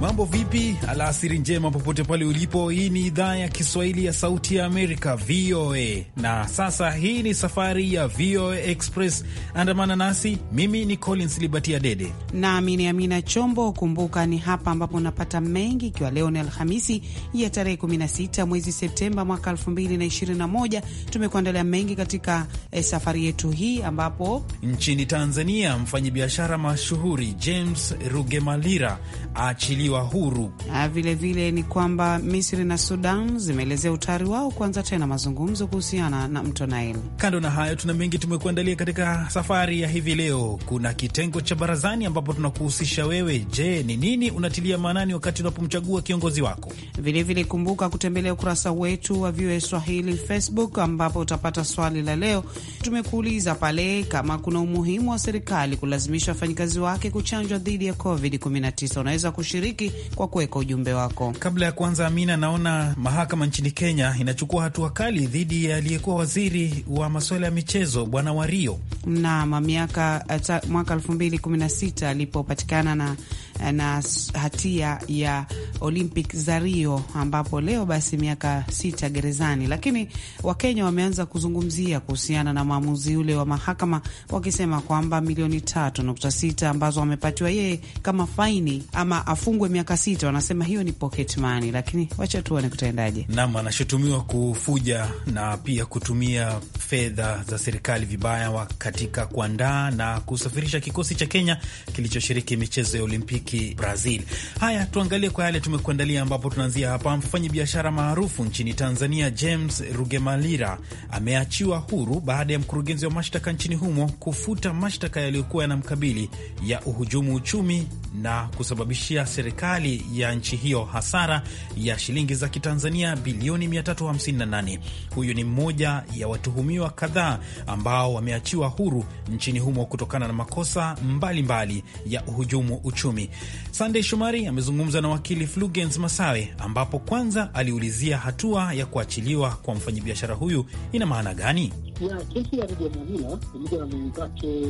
Mambo vipi? Alasiri njema popote pale ulipo. Hii ni idhaa ya Kiswahili ya Sauti ya Amerika, VOA. Na sasa hii ni safari ya VOA Express, andamana nasi. Mimi ni Collins Libatia Dede nami ni Amina Chombo. Kumbuka ni hapa ambapo unapata mengi, ikiwa leo ni Alhamisi ya tarehe 16 mwezi Septemba mwaka 2021. Tumekuandalia mengi katika eh, safari yetu hii, ambapo nchini Tanzania mfanyabiashara mashuhuri James Rugemalira achili kuachiliwa huru. Vilevile vile ni kwamba Misri na Sudan zimeelezea utayari wao kuanza tena mazungumzo kuhusiana na mto Nile. Kando na hayo, tuna mengi tumekuandalia katika safari ya hivi leo. Kuna kitengo cha barazani ambapo tunakuhusisha wewe. Je, ni nini unatilia maanani wakati unapomchagua kiongozi wako? Vilevile vile kumbuka kutembelea ukurasa wetu wa VOA Swahili Facebook, ambapo utapata swali la leo. Tumekuuliza pale kama kuna umuhimu wa serikali kulazimisha wafanyikazi wake kuchanjwa dhidi ya COVID-19. Unaweza kushiriki kushiriki kwa kuweka ujumbe wako. Kabla ya kuanza, Amina, naona mahakama nchini Kenya inachukua hatua kali dhidi ya aliyekuwa waziri wa masuala ya michezo Bwana Wario nam miaka eh, mwaka 2016 alipopatikana na Eh, na hatia ya Olympic za Rio, ambapo leo basi miaka sita gerezani. Lakini Wakenya wameanza kuzungumzia kuhusiana na maamuzi ule wa mahakama, wakisema kwamba milioni tatu nukta sita ambazo wamepatiwa yeye kama faini ama afungwe miaka sita, wanasema hiyo ni pocket money, lakini wacha tuone kutaendaje. Naam, anashutumiwa kufuja na pia kutumia fedha za serikali vibaya katika kuandaa na kusafirisha kikosi cha Kenya kilichoshiriki michezo ya Olympic Mozambiki, Brazil. Haya, tuangalie kwa yale tumekuandalia, ambapo tunaanzia hapa. biashara maarufu nchini Tanzania James Rugemalira ameachiwa huru baada ya mkurugenzi wa mashtaka nchini humo kufuta mashtaka yaliyokuwa yanamkabili ya uhujumu uchumi na kusababishia serikali ya nchi hiyo hasara ya shilingi za Kitanzania bilioni 358. Huyu ni mmoja ya watuhumiwa kadhaa ambao wameachiwa huru nchini humo kutokana na makosa mbalimbali mbali ya uhujumu uchumi. Sandey Shomari amezungumza na wakili Flugens Masawe, ambapo kwanza aliulizia hatua ya kuachiliwa kwa mfanyabiashara huyu ina maana gani. Ya kesi ya pamoja na mwenzake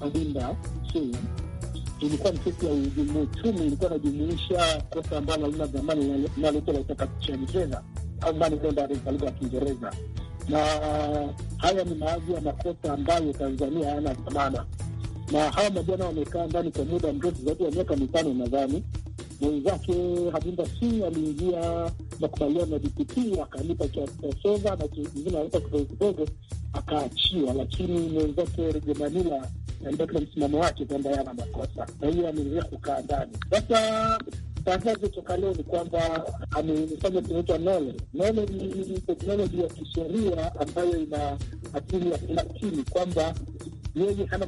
Madinda ilikuwa ni kesi ya uhujumu uchumi, ilikuwa inajumuisha kosa ambalo halina dhamana linaloitwa la utakatishaji fedha au money kwa lugha ya Kiingereza, na haya ni baadhi ya makosa ambayo Tanzania hayana dhamana na hawa mabwana wamekaa ndani kwa muda mrefu zaidi ya miaka mitano nadhani. Mwenzake Habimba Singh aliingia makubaliano ya DPP akalipa kiasova na kingine alipa kidogo kidogo akaachiwa, lakini mwenzake Reje Manila alibaki na msimamo wake kwamba yana makosa na hiyo ameingia kukaa ndani. Sasa tangazo toka leo ni kwamba amefanya kinaitwa nole nole. Ni teknoloji ya kisheria ambayo ina akili ya kilatini kwamba yeye hana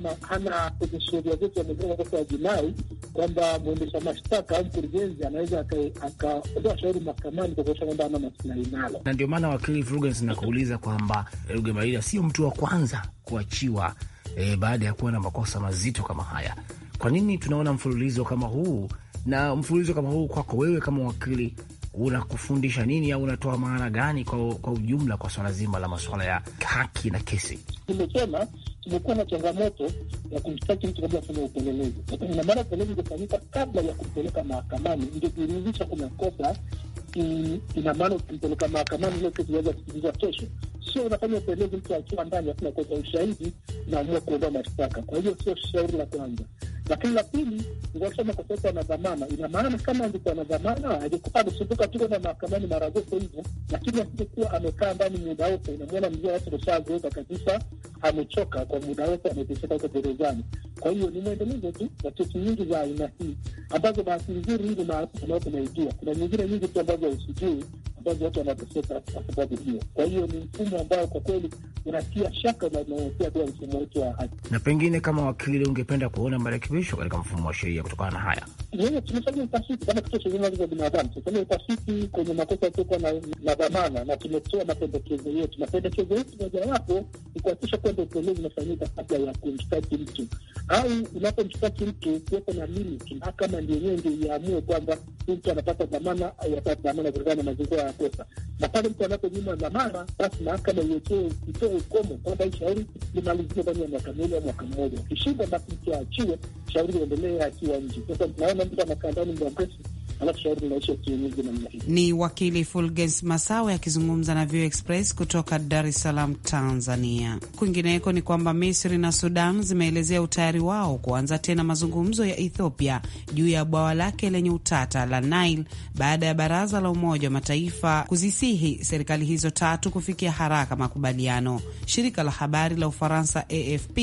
kwenye sheria zetu ya makosa ya jinai kwamba mwendesha mashtaka au mkurugenzi anaweza akaondoa shauri mahakamani kwa kuonyesha kwamba ana maslahi nalo, na ndio maana wakili Vrugens nakuuliza kwamba eh, Rugemalira sio mtu wa kwanza kuachiwa eh, baada ya kuwa na makosa mazito kama haya. Kwa nini tunaona mfululizo kama huu na mfululizo kama huu kwako wewe kama wakili unakufundisha nini au unatoa maana gani kwa, kwa ujumla kwa swala zima la masuala ya haki na kesi? Tumesema tumekuwa na changamoto ya kumshtaki mtu kabla afanya upelelezi, na maana upelelezi ukafanyika kabla ya kumpeleka mahakamani, ndio kuirudisha kuna kosa ina maana ukimpeleka mahakamani ile kesi inaweza kusikilizwa kesho. Sio unafanya upelelezi mtu akiwa ndani, hakuna kosa ushahidi, naamua kuondoa mashtaka. Kwa hiyo sio shauri la kwanza. Lakini la pili, ngosema kwa sababu ana dhamana, ina maana kama angekuwa na dhamana angekuwa amesumbuka tu kwenda mahakamani mara zote hizo, lakini asingekuwa amekaa ndani muda wote. Unamwona mzee watu ameshazeeka kabisa, amechoka kwa muda wote, ameteseka huko gerezani. Kwa hiyo ni mwendelezo tu wa kesi nyingi za aina hii ambazo bahati nzuri hizi mahakama tunaijua. Kuna nyingine nyingi tu ambazo hausijui ambazo watu wanateseka kwa sababu hiyo. Kwa hiyo ni mfumo ambao kwa kweli unatia shaka na unaotia pia mfumo wetu wa haki. Na pengine kama wakili ungependa kuona Marekani kusuluhishwa katika mfumo wa sheria kutokana na haya? Yeye tumefanya utafiti kama kituo cha huduma za binadamu, tumefanya utafiti kwenye makosa yasiokuwa na dhamana na tumetoa mapendekezo yetu. Mapendekezo yetu mojawapo ni kuhakikisha kwamba upelelezi unafanyika kabla ya kumshtaki mtu au unapomshtaki mtu kuweko na mimi mahakama ndio yenyewe ndio iamue kwamba huyu mtu anapata dhamana au hapati dhamana kulingana na mazingira ya kosa. Na pale mtu anaponyima dhamana, basi mahakama iwekee itoe ukomo kwamba hii shauri limalizike ndani ya mwaka miwili au mwaka mmoja. Ukishindwa basi mtu aachiwe, shauri liendelee akiwa nje. Sasa tunaona mtu anakaa ndani muda mrefu ni wakili Fulgens Masawe akizungumza na Vio Express kutoka Dar es Salaam, Tanzania. Kwingineko ni kwamba Misri na Sudan zimeelezea utayari wao kuanza tena mazungumzo ya Ethiopia juu ya bwawa lake lenye utata la Nile baada ya baraza la Umoja wa Mataifa kuzisihi serikali hizo tatu kufikia haraka makubaliano. Shirika la habari la Ufaransa AFP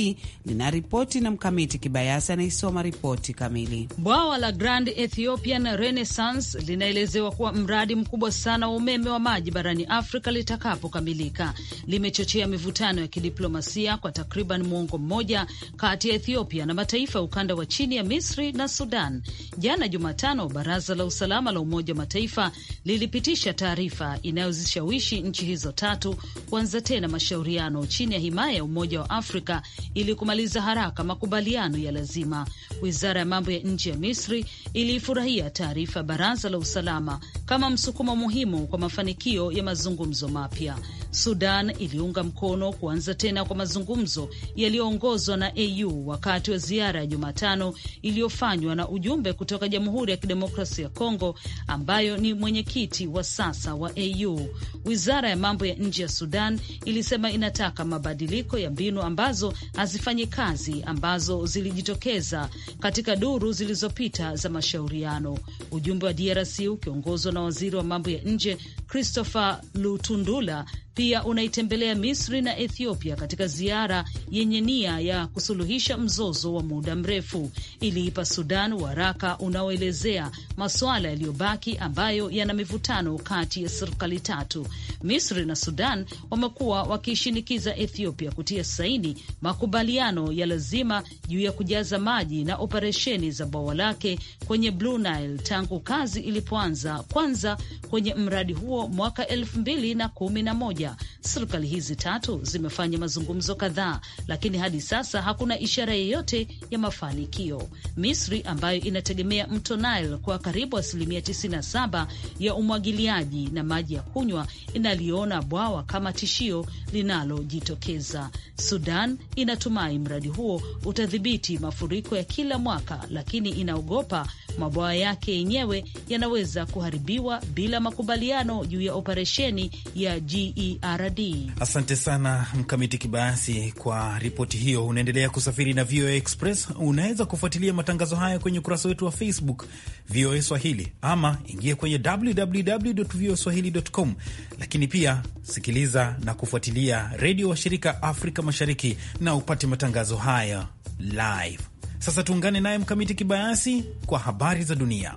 lina ripoti na Mkamiti Kibayasi anaisoma ripoti kamili. Bwawa la Grand Ethiopian Renaissance Renaissance linaelezewa kuwa mradi mkubwa sana wa umeme wa maji barani Afrika litakapokamilika, limechochea mivutano ya kidiplomasia kwa takriban muongo mmoja kati ya Ethiopia na mataifa ya ukanda wa chini ya Misri na Sudan. Jana Jumatano, baraza la usalama la Umoja wa Mataifa lilipitisha taarifa inayozishawishi nchi hizo tatu kuanza tena mashauriano chini ya himaya ya Umoja wa Afrika ili kumaliza haraka makubaliano ya lazima. Wizara ya mambo ya nje ya Misri iliifurahia taarifa Mataifa Baraza la Usalama kama msukumo muhimu kwa mafanikio ya mazungumzo mapya. Sudan iliunga mkono kuanza tena kwa mazungumzo yaliyoongozwa na AU wakati wa ziara ya Jumatano iliyofanywa na ujumbe kutoka Jamhuri ya Kidemokrasia ya Kongo ambayo ni mwenyekiti wa sasa wa AU. Wizara ya mambo ya nje ya Sudan ilisema inataka mabadiliko ya mbinu ambazo hazifanyi kazi ambazo zilijitokeza katika duru zilizopita za mashauriano. Ujumbe wa DRC ukiongozwa na waziri wa mambo ya nje Christopher Lutundula pia unaitembelea Misri na Ethiopia katika ziara yenye nia ya kusuluhisha mzozo wa muda mrefu. Iliipa Sudan waraka unaoelezea masuala yaliyobaki ambayo yana mivutano kati ya serikali tatu. Misri na Sudan wamekuwa wakishinikiza Ethiopia kutia saini makubaliano ya lazima juu ya kujaza maji na operesheni za bwawa lake kwenye Blue Nile tangu kazi ilipoanza kwanza kwenye mradi huo mwaka elfu mbili na kumi na moja Libya. Serikali hizi tatu zimefanya mazungumzo kadhaa, lakini hadi sasa hakuna ishara yeyote ya mafanikio. Misri ambayo inategemea mto Nile kwa karibu asilimia 97 ya umwagiliaji na maji ya kunywa inaliona bwawa kama tishio linalojitokeza. Sudan inatumai mradi huo utadhibiti mafuriko ya kila mwaka, lakini inaogopa mabwawa yake yenyewe yanaweza kuharibiwa bila makubaliano juu ya operesheni ya GERD. Asante sana Mkamiti Kibayasi kwa ripoti hiyo. Unaendelea kusafiri na VOA Express. Unaweza kufuatilia matangazo haya kwenye ukurasa wetu wa Facebook VOA Swahili, ama ingia kwenye www voa swahili.com, lakini pia sikiliza na kufuatilia redio wa shirika Afrika Mashariki na upate matangazo haya live sasa tuungane naye Mkamiti Kibayasi kwa habari za dunia.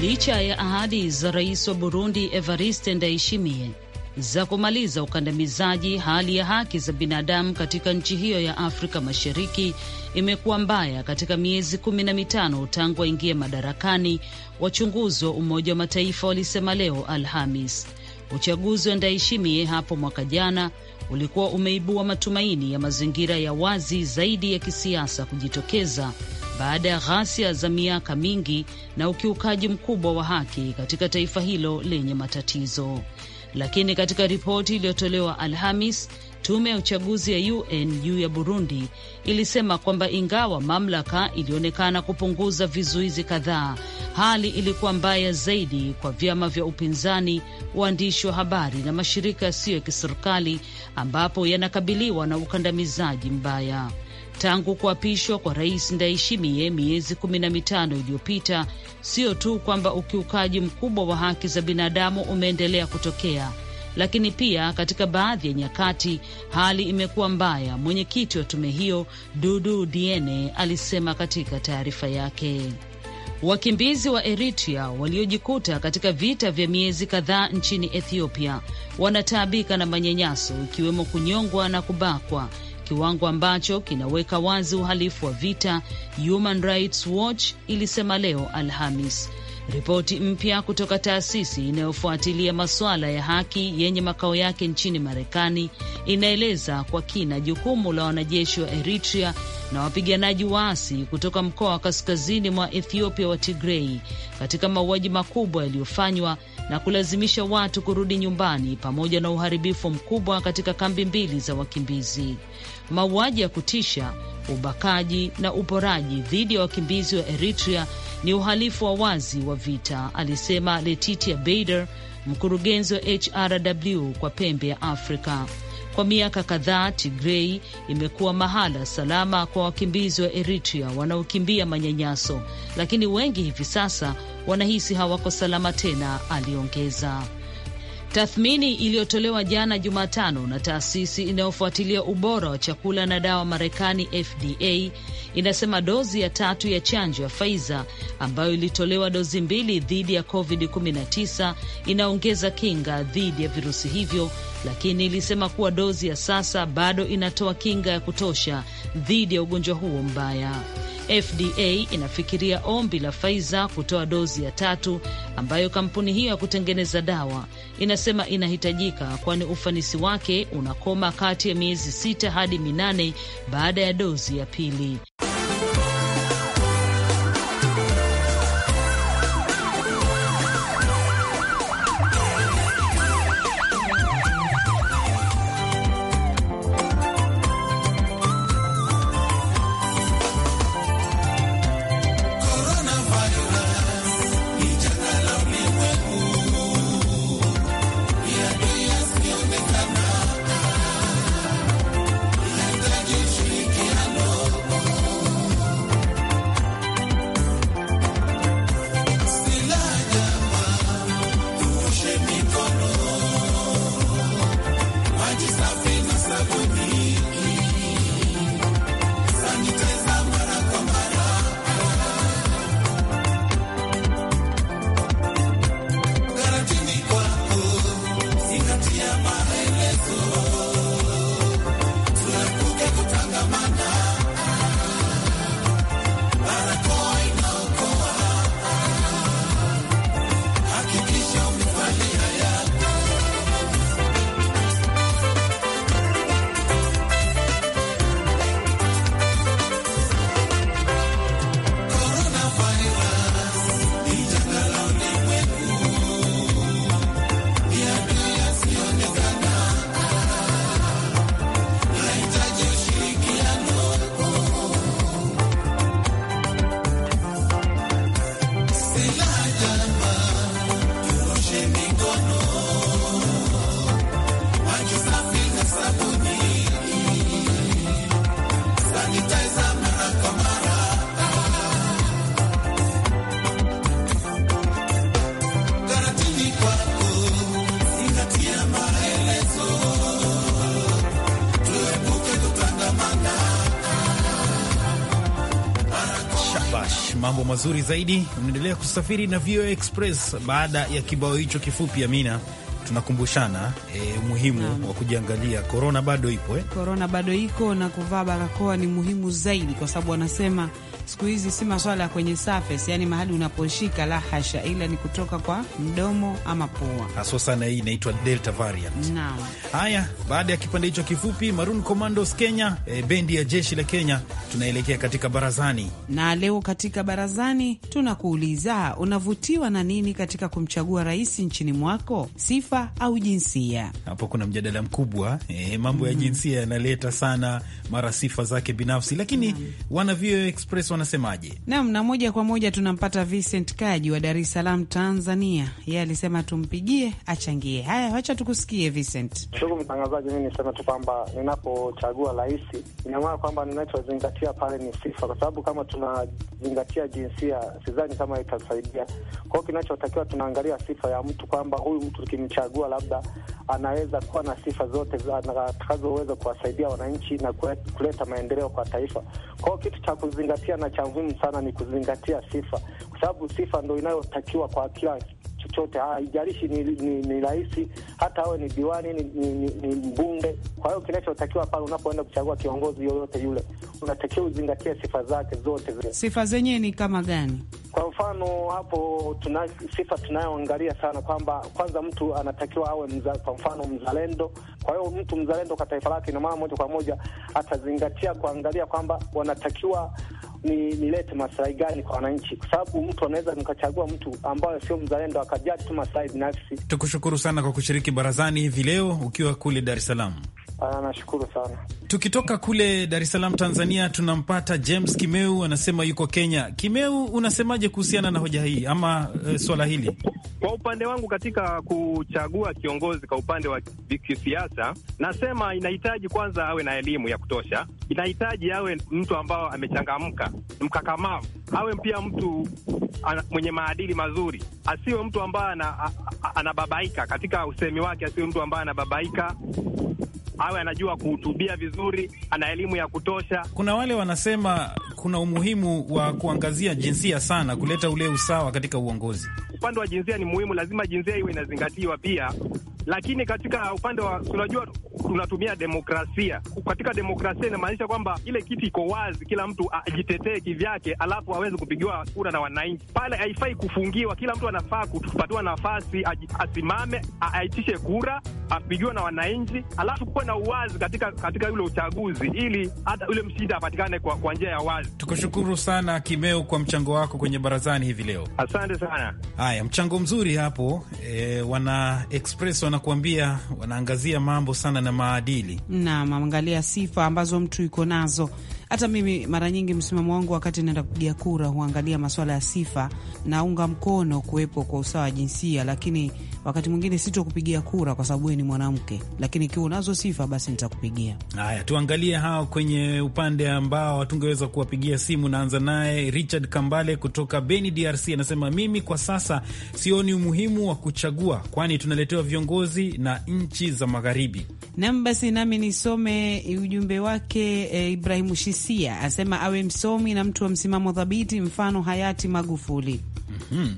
Licha ya ahadi za rais wa Burundi Evariste Ndayishimiye za kumaliza ukandamizaji, hali ya haki za binadamu katika nchi hiyo ya Afrika Mashariki imekuwa mbaya katika miezi kumi na mitano tangu aingie madarakani, wachunguzi wa Umoja wa Mataifa walisema leo Alhamis. Uchaguzi wa Ndayishimiye hapo mwaka jana ulikuwa umeibua matumaini ya mazingira ya wazi zaidi ya kisiasa kujitokeza baada ya ghasia za miaka mingi na ukiukaji mkubwa wa haki katika taifa hilo lenye matatizo. Lakini katika ripoti iliyotolewa Alhamis, tume ya uchaguzi ya UN juu ya Burundi ilisema kwamba ingawa mamlaka ilionekana kupunguza vizuizi kadhaa, hali ilikuwa mbaya zaidi kwa vyama vya upinzani, waandishi wa habari na mashirika yasiyo ya kiserikali, ambapo yanakabiliwa na ukandamizaji mbaya. Tangu kuapishwa kwa Rais Ndayishimiye miezi kumi na mitano iliyopita, sio tu kwamba ukiukaji mkubwa wa haki za binadamu umeendelea kutokea lakini pia katika baadhi ya nyakati hali imekuwa mbaya, mwenyekiti wa tume hiyo Dudu Diene alisema katika taarifa yake. Wakimbizi wa Eritrea waliojikuta katika vita vya miezi kadhaa nchini Ethiopia wanataabika na manyanyaso, ikiwemo kunyongwa na kubakwa kiwango ambacho kinaweka wazi uhalifu wa vita, Human Rights Watch ilisema leo Alhamis. Ripoti mpya kutoka taasisi inayofuatilia masuala ya haki yenye makao yake nchini Marekani inaeleza kwa kina jukumu la wanajeshi wa Eritrea na wapiganaji waasi kutoka mkoa wa kaskazini mwa Ethiopia wa Tigrei katika mauaji makubwa yaliyofanywa na kulazimisha watu kurudi nyumbani pamoja na uharibifu mkubwa katika kambi mbili za wakimbizi mauaji ya kutisha, ubakaji na uporaji dhidi ya wakimbizi wa Eritrea ni uhalifu wa wazi wa vita, alisema Letitia Bader, mkurugenzi wa HRW kwa pembe ya Afrika. Kwa miaka kadhaa Tigrei imekuwa mahala salama kwa wakimbizi wa Eritrea wanaokimbia manyanyaso, lakini wengi hivi sasa wanahisi hawako salama tena, aliongeza. Tathmini iliyotolewa jana Jumatano na taasisi inayofuatilia ubora wa chakula na dawa Marekani, FDA, inasema dozi ya tatu ya chanjo ya Pfizer ambayo ilitolewa dozi mbili dhidi ya COVID-19 inaongeza kinga dhidi ya virusi hivyo lakini ilisema kuwa dozi ya sasa bado inatoa kinga ya kutosha dhidi ya ugonjwa huo mbaya. FDA inafikiria ombi la Pfizer kutoa dozi ya tatu ambayo kampuni hiyo ya kutengeneza dawa inasema inahitajika, kwani ufanisi wake unakoma kati ya miezi sita hadi minane baada ya dozi ya pili. Yesu mambo mazuri zaidi. Unaendelea kusafiri na VOA Express. Baada ya kibao hicho kifupi, Amina, tunakumbushana e, umuhimu wa kujiangalia. Korona bado ipo eh? Korona bado iko na kuvaa barakoa ni muhimu zaidi, kwa sababu wanasema siku hizi si maswala ya kwenye surface, yani mahali unaposhika, la hasha, ila ni kutoka kwa mdomo ama pua haswa. Sana hii inaitwa delta variant. Naam, haya, baada ya kipande hicho kifupi, Maroon Commandos Kenya, e, bendi ya jeshi la Kenya, tunaelekea katika barazani, na leo katika barazani tunakuuliza unavutiwa na nini katika kumchagua rais nchini mwako, sifa au jinsia? Hapo kuna mjadala mkubwa e, mambo mm -hmm. ya jinsia yanaleta sana mara sifa zake binafsi, lakini mm -hmm. wana VOA Express wana anasemaje? Naam, na moja kwa moja tunampata Vincent Kaji wa Dar es Salaam, Tanzania. Yeye alisema tumpigie achangie. Haya, wacha tukusikie Vincent. Ndugu mtangazaji, mi niseme tu kwamba ninapochagua rais, ina maana kwamba ninachozingatia pale ni sifa, kwa sababu kama tunazingatia jinsia, sidhani kama itasaidia. Kwa hiyo kinachotakiwa tunaangalia sifa ya mtu, kwamba huyu mtu tukimchagua, labda anaweza kuwa na sifa zote atakazoweza kuwasaidia wananchi na kuleta maendeleo kwa taifa. Kwa hiyo kitu cha kuzingatia sana, cha muhimu sana ni kuzingatia sifa, kwa sababu sifa ndo inayotakiwa kwa kila chochote, haijalishi ni, ni, ni rais, hata awe ni diwani, ni, ni, ni, ni mbunge. Kwa hiyo kinachotakiwa pale unapoenda kuchagua kiongozi yoyote yule, unatakiwa uzingatie sifa zake zote zile. Sifa zenyewe ni kama gani? Kwa mfano hapo tuna, sifa tunayoangalia sana kwamba kwanza mtu anatakiwa awe mza, kwa mfano mzalendo. Kwa hiyo mtu mzalendo kwa taifa lake, ina maana moja kwa moja atazingatia kuangalia kwamba wanatakiwa nilete maslahi gani kwa wananchi, kwa sababu mtu anaweza nikachagua mtu ambayo sio mzalendo akajali tu maslahi binafsi. Tukushukuru sana kwa kushiriki barazani hivi leo ukiwa kule Dar es Salaam. Ah, nashukuru sana. Tukitoka kule Dar es Salaam, Tanzania, tunampata James Kimeu, anasema yuko Kenya. Kimeu, unasemaje kuhusiana na hoja hii ama e, swala hili? Kwa upande wangu, katika kuchagua kiongozi kwa upande wa kisiasa, nasema inahitaji kwanza awe na elimu ya kutosha, inahitaji awe mtu ambao amechangamka, mkakamavu, awe pia mtu ana, mwenye maadili mazuri, asiwe mtu ambaye anababaika katika usemi wake, asiwe mtu ambaye anababaika awe anajua kuhutubia vizuri, ana elimu ya kutosha. Kuna wale wanasema kuna umuhimu wa kuangazia jinsia sana, kuleta ule usawa katika uongozi. Upande wa jinsia ni muhimu, lazima jinsia iwe inazingatiwa pia, lakini katika upande wa tunajua tunatumia demokrasia. Katika demokrasia inamaanisha kwamba ile kiti iko wazi, kila mtu ajitetee kivyake, alafu aweze kupigiwa kura na wananchi. Pale haifai kufungiwa, kila mtu anafaa kupatiwa nafasi, asimame, aitishe kura, apigiwe na wananchi, alafu kuwe na uwazi katika katika ule uchaguzi, ili hata ule mshindi apatikane kwa, kwa njia ya wazi tukushukuru sana Kimeu kwa mchango wako kwenye barazani hivi leo. Asante sana. Haya, mchango mzuri hapo. E, wana express wanakuambia wanaangazia mambo sana na maadili. Naam, angalia sifa ambazo mtu iko nazo hata mimi mara nyingi msimamo wangu wakati naenda kupiga kura huangalia maswala ya sifa, naunga mkono kuwepo kwa usawa wa jinsia, lakini wakati mwingine sitokupigia kura kwa sababu ni mwanamke, lakini ikiwa unazo sifa basi nitakupigia. Haya, tuangalie hao kwenye upande ambao hatungeweza kuwapigia simu. Naanza naye Richard Kambale kutoka Beni, DRC, anasema mimi kwa sasa sioni umuhimu wa kuchagua, kwani tunaletewa viongozi na nchi za magharibi. Nam, basi nami nisome ujumbe wake E, eh, Ibrahimu Shis hisia, asema awe msomi na mtu wa msimamo thabiti, mfano hayati Magufuli. Mm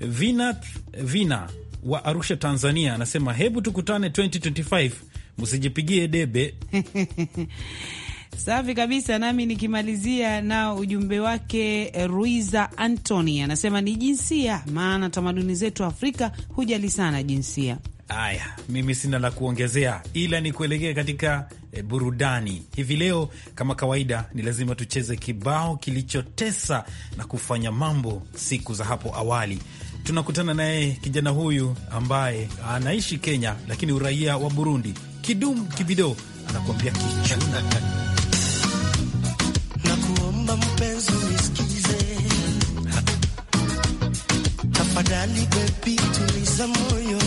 -hmm. Vina, Vina wa Arusha, Tanzania anasema hebu tukutane 2025 msijipigie debe. Safi kabisa. Nami nikimalizia nao ujumbe wake Ruiza Antony anasema ni jinsia, maana tamaduni zetu Afrika hujali sana jinsia. Haya, mimi sina la kuongezea, ila ni kuelekea katika e, burudani hivi leo. Kama kawaida, ni lazima tucheze kibao kilichotesa na kufanya mambo siku za hapo awali. Tunakutana naye kijana huyu ambaye anaishi Kenya lakini uraia wa Burundi. Kidum Kibido anakuambia kicha mpenzi unisikize tafadhali, bebi tuliza moyo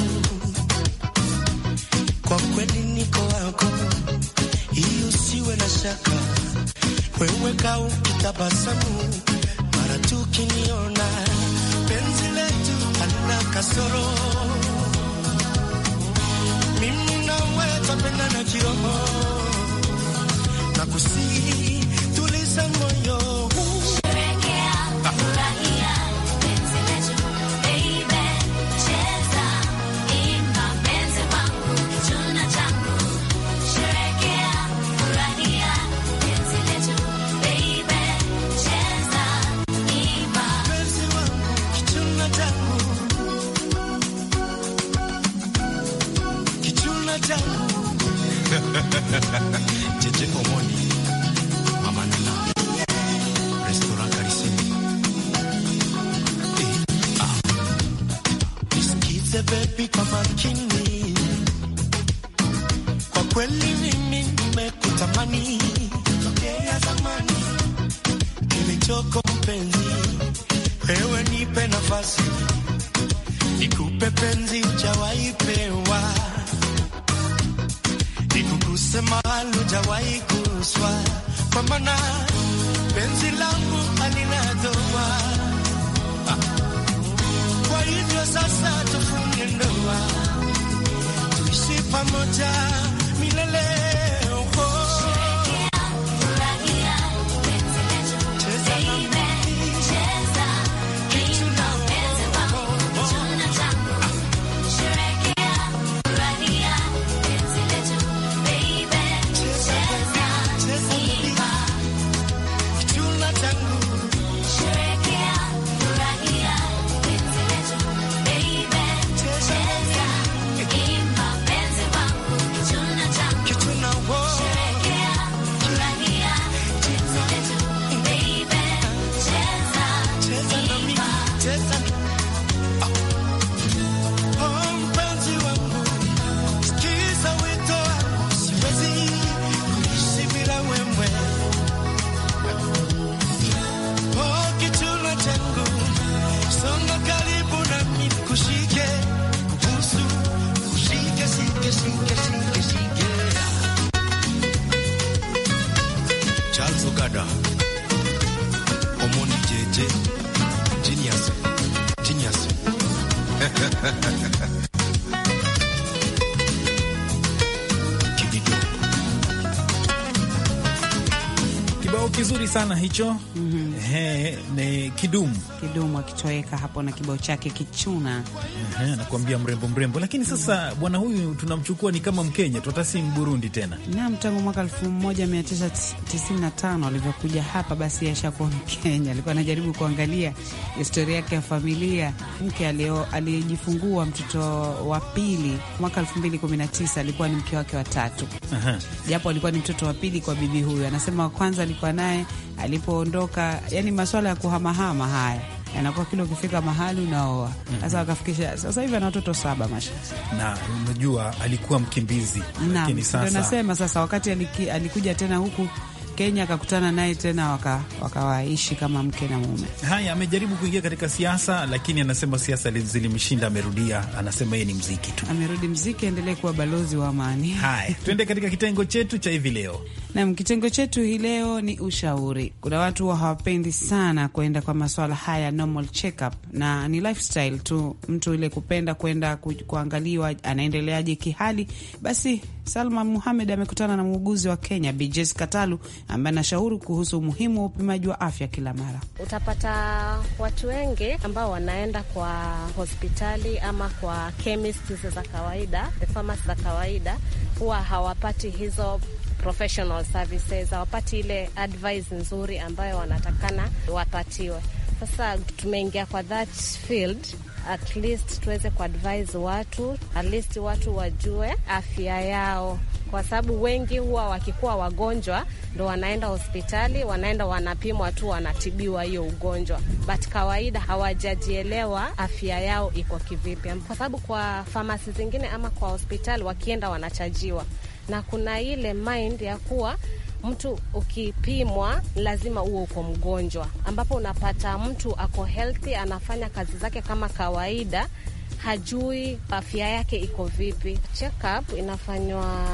kweli niko wako, hii usiwe na shaka, wewe kaa ukitabasamu mara tu kiniona, penzi letu halina kasoro, mimi na wewe tupendana kiroho, nakusihi tuliza moyo wasiwasi, nikupe penzi jawahi pewa, nikuguse mahali jawahi kuswa, kwa maana penzi langu halina doa. Kwa hivyo sasa tufunge ndoa, tuishi pamoja Kibao kizuri sana hicho. mm -hmm. Ehe, ni Kidumu Kidumu akitoweka hapo na kibao chake Kichuna. Ehe, nakuambia mrembo mrembo, lakini sasa bwana huyu tunamchukua ni kama Mkenya tutasi Mburundi tena. Naam, tangu mwaka 1995 alivyokuja hapa, basi yashakuwa Mkenya. Alikuwa anajaribu kuangalia historia yake ya familia. Mke aliyejifungua mtoto wa pili mwaka 2019 alikuwa ni mke wake wa tatu, japo alikuwa ni mtoto wa pili kwa bibi huyu. Anasema wa kwanza alikuwa naye alipoondoka, yani maswala ya kuhamahama haya anakuwa kila ukifika mahali unaoa mhm. sasa. mm -hmm. Akafikisha sasa hivi ana watoto saba Masha, na unajua alikuwa mkimbizi, lakini sasa nasema sasa, wakati aliki, alikuja tena huku Kenya akakutana naye tena wakawaishi waka kama mke na mume. Haya, amejaribu kuingia katika siasa, lakini anasema siasa zilimshinda, amerudia, anasema yeye ni mziki tu, amerudi mziki, aendelee kuwa balozi wa amani. Haya, tuende katika kitengo chetu cha hivi leo. Nam, kitengo chetu hii leo ni ushauri. Kuna watu wa hawapendi sana kuenda kwa maswala haya normal checkup, na ni lifestyle tu mtu ile kupenda kwenda kuangaliwa anaendeleaje kihali. Basi Salma Muhamed amekutana na muuguzi wa Kenya Bi Jessica Talu ambaye anashauri kuhusu umuhimu wa upimaji wa afya kila mara. Utapata watu wengi ambao wanaenda kwa hospitali ama kwa chemists za kawaida, the pharmacy za kawaida, huwa hawapati hizo professional services, hawapati ile advice nzuri ambayo wanatakana wapatiwe. Sasa tumeingia kwa that field at least tuweze kuadvise watu at least watu wajue afya yao, kwa sababu wengi huwa wakikuwa wagonjwa ndo wanaenda hospitali, wanaenda wanapimwa tu, wanatibiwa hiyo ugonjwa, but kawaida hawajajielewa afya yao iko kivipi, kwa sababu kwa famasi zingine ama kwa hospitali wakienda wanachajiwa, na kuna ile mind ya kuwa mtu ukipimwa lazima uwe uko mgonjwa, ambapo unapata mtu ako healthy, anafanya kazi zake kama kawaida hajui afya yake iko vipi. Checkup inafanywa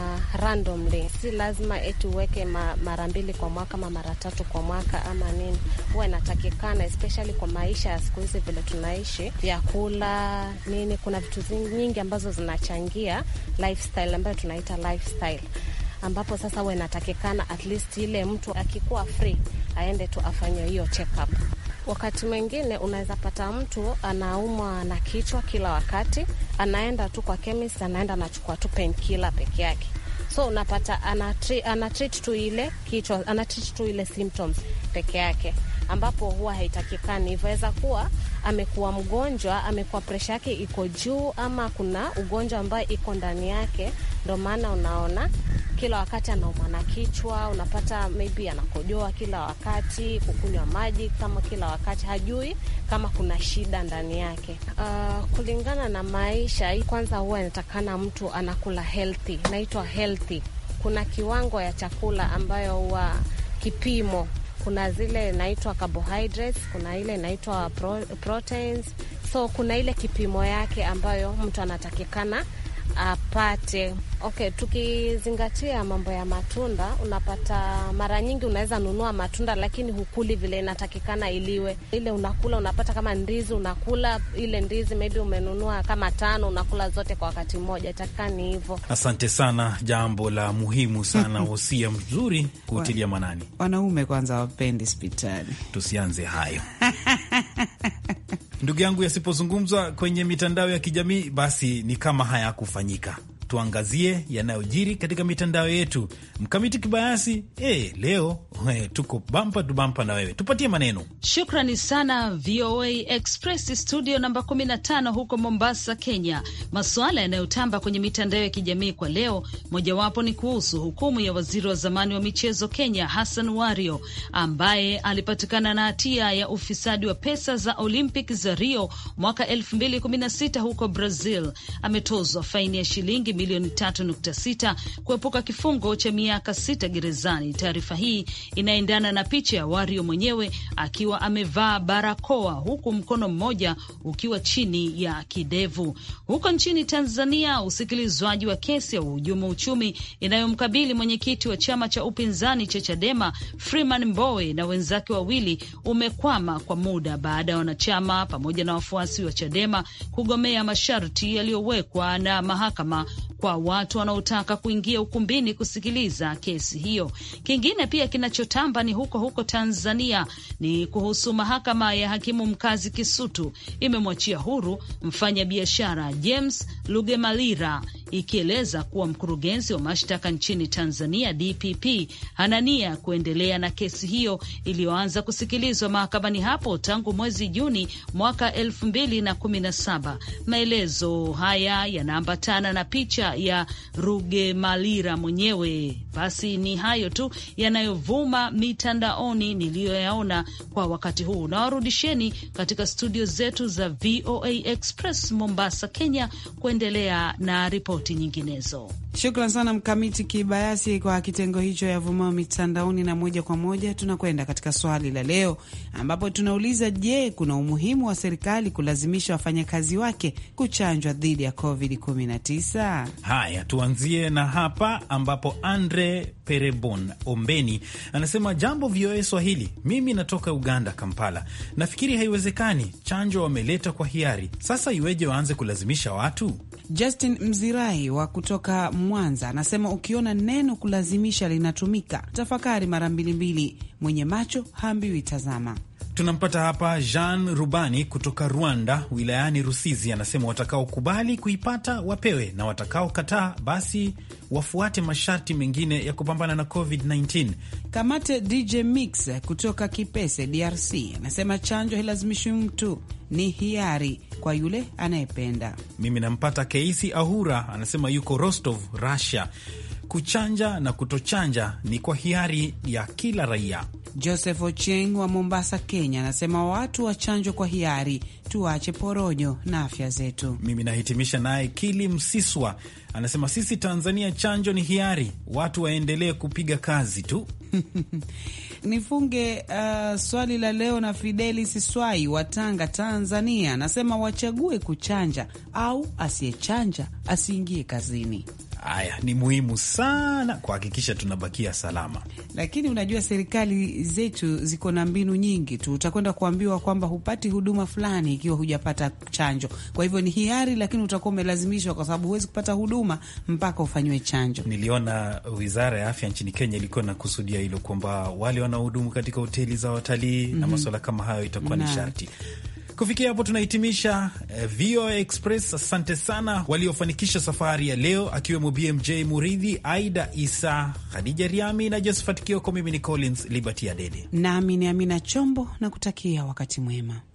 randomly, si lazima eti uweke ma, mara mbili kwa mwaka ama mara tatu kwa mwaka ama nini. Huwa inatakikana especially kwa maisha ya siku hizi vile tunaishi, vyakula nini, kuna vitu nyingi ambazo zinachangia lifestyle ambayo tunaita lifestyle ambapo sasa huwa inatakikana at least ile mtu akikuwa free aende tu afanye hiyo check up. Wakati mwingine unaweza pata mtu anaumwa na kichwa kila wakati, anaenda tu kwa chemist, anaenda anachukua tu painkiller peke yake so unapata anatreat tu ile kichwa, anatreat tu ile symptoms peke yake, ambapo huwa haitakikani. Ivyaweza kuwa amekuwa mgonjwa, amekuwa presha yake iko juu, ama kuna ugonjwa ambayo iko ndani yake, ndo maana unaona kila wakati anaumwa na kichwa, unapata maybe anakojoa kila wakati, kukunywa maji kama kila wakati, hajui kama kuna shida ndani yake. Uh, kulingana na maisha, kwanza huwa inatakana mtu anakula healthy, naitwa healthy. Kuna kiwango ya chakula ambayo huwa kipimo kuna zile inaitwa carbohydrates, kuna ile inaitwa pro, proteins. So kuna ile kipimo yake ambayo mtu anatakikana apate. Okay, tukizingatia mambo ya matunda, unapata mara nyingi unaweza nunua matunda lakini hukuli vile inatakikana iliwe. Ile unakula unapata kama ndizi, unakula ile ndizi maybe umenunua kama tano, unakula zote kwa wakati mmoja, itakikana ni hivyo. Asante sana, jambo la muhimu sana, usia mzuri kutilia manani. Wanaume kwanza wapendi spitali, tusianze hayo ndugu yangu, yasipozungumzwa kwenye mitandao ya kijamii, basi ni kama hayakufanyika tuangazie yanayojiri katika mitandao yetu. Mkamiti Kibayasi, e, leo e, tuko bampa tubampa na wewe, tupatie maneno. Shukrani sana VOA Express studio namba 15 huko Mombasa, Kenya. Masuala yanayotamba kwenye mitandao ya kijamii kwa leo, mojawapo ni kuhusu hukumu ya waziri wa zamani wa michezo Kenya Hassan Wario ambaye alipatikana na hatia ya ufisadi wa pesa za Olympic za Rio mwaka 2016 huko Brazil. Ametozwa faini ya shilingi milioni 3.6 kuepuka kifungo cha miaka sita gerezani. Taarifa hii inaendana na picha ya Wario mwenyewe akiwa amevaa barakoa huku mkono mmoja ukiwa chini ya kidevu. Huko nchini Tanzania, usikilizwaji wa kesi ya uhujumu uchumi inayomkabili mwenyekiti wa chama cha upinzani cha Chadema Freeman Mbowe na wenzake wawili umekwama kwa muda baada ya wanachama pamoja na wafuasi wa Chadema kugomea masharti yaliyowekwa na mahakama kwa watu wanaotaka kuingia ukumbini kusikiliza kesi hiyo. Kingine pia kinachotamba ni huko huko Tanzania ni kuhusu mahakama ya hakimu mkazi Kisutu imemwachia huru mfanyabiashara James Lugemalira ikieleza kuwa mkurugenzi wa mashtaka nchini Tanzania DPP hana nia kuendelea na kesi hiyo iliyoanza kusikilizwa mahakamani hapo tangu mwezi Juni mwaka elfu mbili na kumi na saba. Maelezo haya yanaambatana na picha licha ya malira mwenyewe. Basi ni hayo tu yanayovuma mitandaoni niliyoyaona kwa wakati huu. Nawarudisheni katika studio zetu za VOA Express Mombasa, Kenya, kuendelea na ripoti nyinginezo. Shukran sana Mkamiti Kibayasi kwa kitengo hicho vumao mitandaoni. Na moja kwa moja tunakwenda katika swali la leo, ambapo tunauliza je, kuna umuhimu wa serikali kulazimisha wafanyakazi wake kuchanjwa dhidi ya COVID-19? Haya, tuanzie na hapa ambapo Andre Perebon Ombeni anasema jambo VOA Swahili, mimi natoka Uganda, Kampala. Nafikiri haiwezekani, chanjo wameleta kwa hiari, sasa iweje waanze kulazimisha watu Justin Mzirai wa kutoka Mwanza anasema ukiona neno kulazimisha linatumika tafakari mara mbili mbili, mwenye macho haambiwi tazama. Tunampata hapa Jean Rubani kutoka Rwanda, wilayani Rusizi, anasema watakaokubali kuipata wapewe na watakaokataa basi wafuate masharti mengine ya kupambana na COVID-19. Kamate DJ Mix kutoka Kipese, DRC, anasema chanjo hilazimishi mtu, ni hiari kwa yule anayependa. Mimi nampata Keisi Ahura, anasema yuko Rostov, Russia. Kuchanja na kutochanja ni kwa hiari ya kila raia. Joseph Ocheng wa Mombasa, Kenya, anasema watu wachanjwe kwa hiari, tuache porojo na afya zetu. Mimi nahitimisha naye Kili Msiswa anasema sisi Tanzania chanjo ni hiari, watu waendelee kupiga kazi tu. Nifunge uh, swali la leo na Fideli Siswai wa Tanga, Tanzania, anasema wachague kuchanja au asiyechanja asiingie kazini. Haya ni muhimu sana kuhakikisha tunabakia salama, lakini unajua serikali zetu ziko na mbinu nyingi tu. Utakwenda kuambiwa kwamba hupati huduma fulani ikiwa hujapata chanjo, kwa hivyo ni hiari, lakini utakuwa umelazimishwa, kwa sababu huwezi kupata huduma mpaka ufanyiwe chanjo. Niliona wizara ya afya nchini Kenya ilikuwa inakusudia hilo kwamba wale wanaohudumu katika hoteli za watalii mm -hmm. na mhm. maswala kama hayo itakuwa ni sharti Kufikia hapo tunahitimisha eh, VOA Express. Asante sana waliofanikisha safari ya leo, akiwemo BMJ Muridhi, Aida Isa, Khadija Riami na Josephat Kioko. Mimi ni Collins Liberty Adede nami ni Amina Chombo na kutakia wakati mwema.